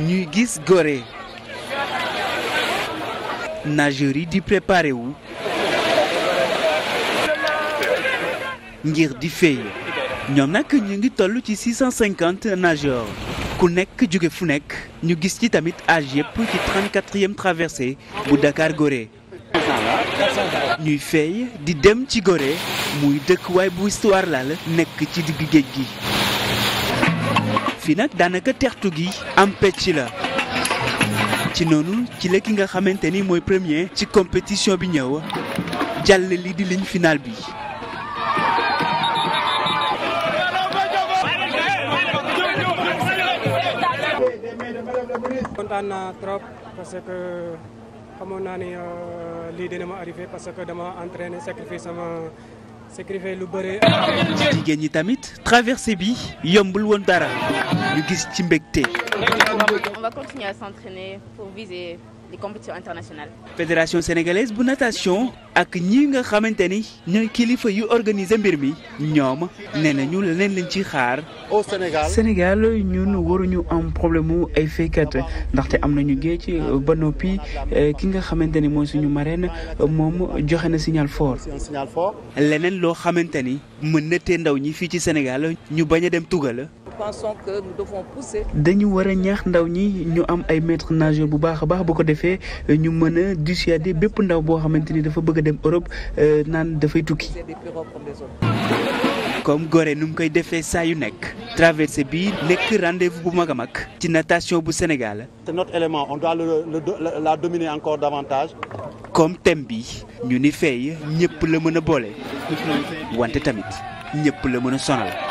ñuy gis gore nageurs yi di préparé wu ngir di fay ñoom nag ñu ngi tollu ci 650 nageurs ku nekk jóge fu nekk ñu gis ci tamit âge yëpp ci 34e bu Dakar gore ñuy fay di dem ci gore muy dëkk waay bu histoire laal nekk ci diggu géej gi fii nag daanaka teextu gi am pecc la ci noonu ci la ki nga xamante ni mooy premier ci compétition bi ñëw jàll li di liñ finale bi kontaan naa trop parce que xamoon naa ni euh, lii dina ma arrivé parce que dama entraîné sacrifié sama sacrifié lu bëre jigéen yi tamit traversée bi yombul woon dara ñu gis ci mbégte. on va continuer à s'entraîner pour fédération sénégalaise bu natation ak ñi nga xamante ni ñooy kilifa yu organise mbir mi ñoom nee nañu leen lañ ci xaar. au Sénégal Sénégal ñun waruñu am problème mu ay fekkat ndaxte am nañu géej ba noppi eh, ki nga xamante ni mooy suñu marraine moom joxe na signal fort. leneen loo xamante ni mën na tee ndaw ñi fii ci Sénégal ñu bañ a dem Tugal. pensons que dañu war a ñaax ndaw ñi ñu am ay maîtres nageurs bu baax a baax bu ko defee ñu mën a dissuader bépp ndaw boo xamante ni dafa bëgg a dem Europe euh, naan dafay tukki. comme gore nu mu koy defee saa yu nekk traversée bi nekk rendez bu mag a mag ci natation bu Sénégal. c'est notre élément on la dominer encore davantage. comme thème bi ñu ni fay ñëpp la mën a boole wante tamit ñëpp la mën a sonal.